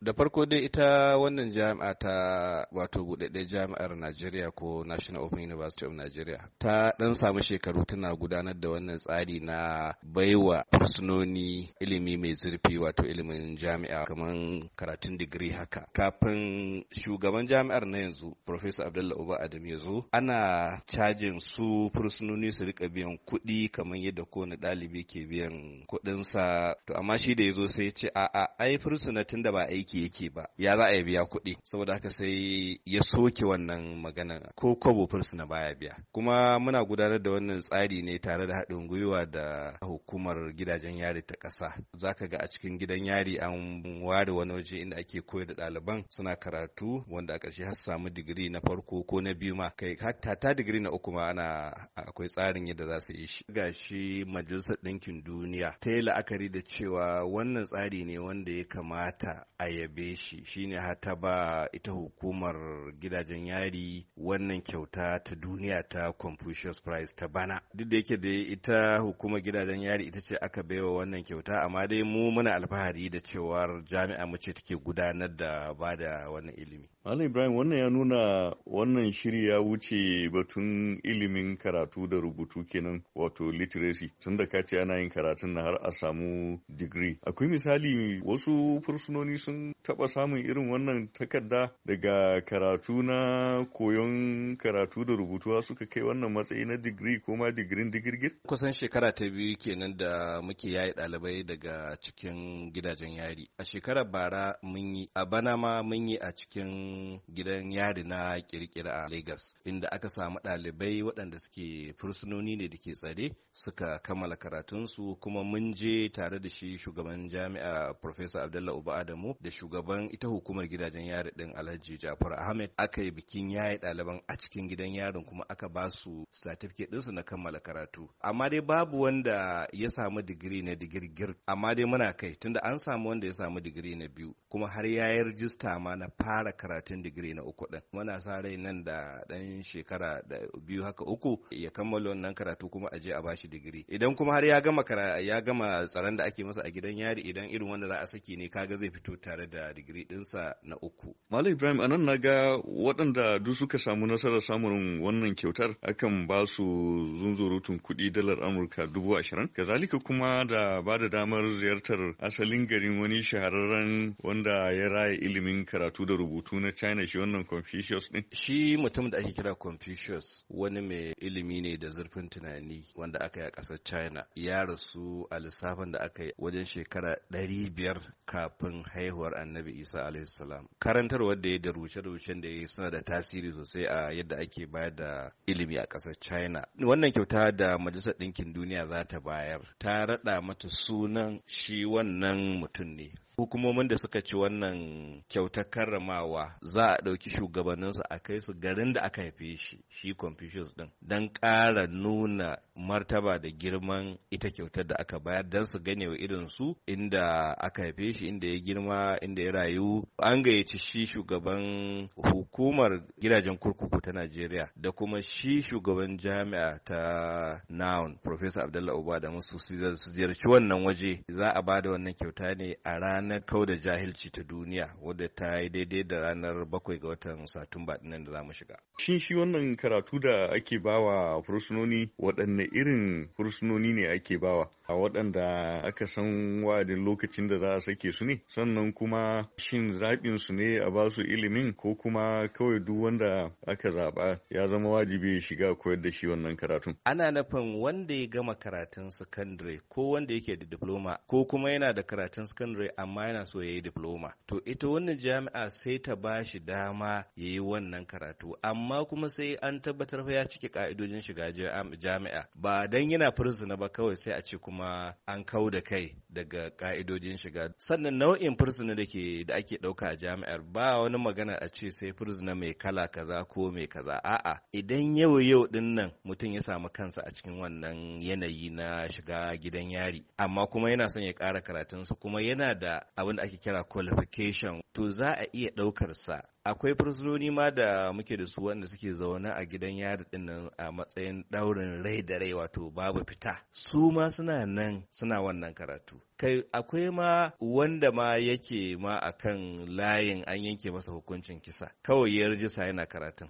da farko dai ita wannan jami'a ta wato buɗaɗɗe jami'ar najeriya ko national open university of nigeria ta ɗan samu shekaru tana gudanar da wannan tsari na baiwa fursunoni ilimi mai zurfi wato ilimin jami'a kamar karatun digiri haka kafin shugaban jami'ar na yanzu professor Abdullahi uba adam ya zo ana cajin su fursunoni su rika biyan kuɗi kamar yadda kowane ɗalibi ke biyan kuɗinsa to amma shi da ya zo sai ya ce a'a ai tun da ba aiki aiki yake ba ya za a biya kuɗi saboda haka sai ya soke wannan magana ko kwabo na baya biya kuma muna gudanar da wannan tsari ne tare da haɗin gwiwa da hukumar gidajen yari ta ƙasa za ka ga a cikin gidan yari an ware wani waje inda ake koyar da ɗaliban suna karatu wanda a ƙarshe har samu digiri na farko ko na biyu ma kai hatta digiri na uku ma ana akwai tsarin yadda za su yi shi ga shi majalisar ɗinkin duniya ta yi la'akari da cewa wannan tsari ne wanda ya kamata a yabe shi shine ta ba ita hukumar gidajen yari wannan kyauta ta duniya ta Confucius Prize ta bana duk da yake da ita hukumar gidajen yari ita ce aka baiwa wannan kyauta amma dai mu muna alfahari da cewar jami'a mu ce take gudanar da ba da wannan ilimi Ali Ibrahim wannan ya nuna wannan shiri ya wuce batun ilimin karatu da rubutu kenan wato literacy tunda ka ce ana yin karatun na har a samu digiri akwai misali wasu fursunoni sun kun taɓa samun irin wannan takarda daga karatu na koyon karatu da rubutuwa suka kai wannan matsayi na digiri ko ma digirin digirgir? Kusan shekara ta biyu kenan da muke yayi ɗalibai daga cikin gidajen yari. A shekara bara mun yi, a bana ma mun yi a cikin gidan yari na kirkira a Legas, inda aka samu ɗalibai waɗanda suke fursunoni ne da ke tsare suka kammala karatunsu kuma mun je tare da shi shugaban jami'a Professor Abdullah Uba Adamu da shugaban ita hukumar gidajen yari din Alhaji Jafar Ahmed aka yi bikin yaye ɗaliban a cikin gidan yarin kuma aka ba su certificate ɗinsu na kammala karatu. Amma dai babu wanda ya samu digiri na digirgir amma dai muna kai tunda an samu wanda ya samu digiri na biyu kuma har ya yi rijista ma na fara karatun digiri na uku ɗin. Muna sa rai nan da ɗan shekara da biyu haka uku ya kammala wannan karatu kuma a je a bashi digiri. Idan kuma har ya gama tsaron da ake masa a gidan yari idan irin wanda za a saki ne kaga zai fito tare da digiri dinsa na uku. Malam Ibrahim anan na ga waɗanda duk suka samu nasarar samun wannan kyautar akan ba su zunzurutun kuɗi dalar Amurka dubu ashirin. Kazalika kuma da ba da damar ziyartar asalin garin wani shahararren wanda ya raya ilimin karatu da rubutu na China shi wannan Confucius ɗin. Shi mutum da ake kira Confucius wani mai ilimi ne da zurfin tunani wanda aka yi a ƙasar China ya rasu a lissafin da aka yi wajen shekara ɗari biyar kafin haihuwar annabi isa alaihi salam karantarwar da ya da rushe-rushen da ya suna da tasiri sosai a yadda ake bayar da ilimi a ƙasar china wannan kyauta da majalisar ɗinkin duniya za ta bayar ta raɗa mata sunan shi wannan mutum ne hukumomin da suka ci wannan kyautar karramawa za a ɗauki shugabanninsu a kai su garin da aka haife shi shi confucius din don ƙara nuna martaba da girman ita kyautar da aka bayar don su gane wa irin su inda aka haife shi inda ya girma inda ya rayu an gayyaci shi shugaban hukumar gidajen kurkuku ta najeriya da kuma shi shugaban jami'a ta noun professor abdullahi uba da musu su ziyarci wannan waje za a ba wannan kyauta ne a rana. ranar kau da jahilci ta duniya wadda ta yi daidai da ranar bakwai ga watan satumba dinnan da za mu shiga. Shin shi wannan karatu da ake bawa fursunoni waɗanne irin fursunoni ne ake bawa? a waɗanda aka san wa'adin lokacin da za a sake su ne sannan kuma shin zaɓin su ne a basu ilimin ko kuma kawai duk wanda aka zaɓa ya zama wajibi ya shiga koyar da shi wannan karatun ana nufin wanda ya gama karatun sakandare ko wanda yake da diploma ko kuma yana da karatun sakandare amma yana so ya yi diploma to ita wannan jami'a sai ta ba shi dama ya yi wannan karatu amma kuma sai an tabbatar fa ya cike ka'idojin shiga jami'a ba dan yana fursuna ba kawai sai a ce kuma kuma an kau da kai daga ka'idojin shiga sannan nau'in fursuna da ke da ake ɗauka a jami'ar ba wani magana a ce sai fursuna mai kala kaza ko mai kaza a'a idan yau yau din nan mutum ya samu kansa a cikin wannan yanayi na shiga gidan yari amma kuma yana son ya ƙara karatunsa kuma yana da abin da ake kira qualification to za a iya ɗaukarsa akwai fursunoni ma da muke da su wanda suke zaune a gidan yari din a matsayin daurin rai da rai wato babu fita su ma suna nan suna wannan karatu kai akwai ma wanda ma yake ma akan layin an yanke masa hukuncin kisa kawai ya rijista yana karatun